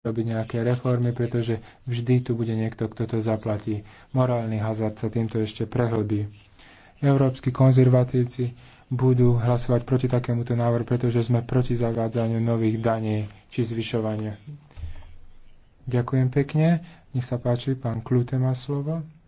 robiť nejaké reformy, pretože vždy tu bude niekto, kto to zaplatí. Morálny hazard sa týmto ešte prehlbí. Európsky konzervatívci budú hlasovať proti takémuto návrhu, pretože sme proti zavádzaniu nových daní či zvyšovania. Ďakujem pekne. Nech sa páči, pán Klute má slovo.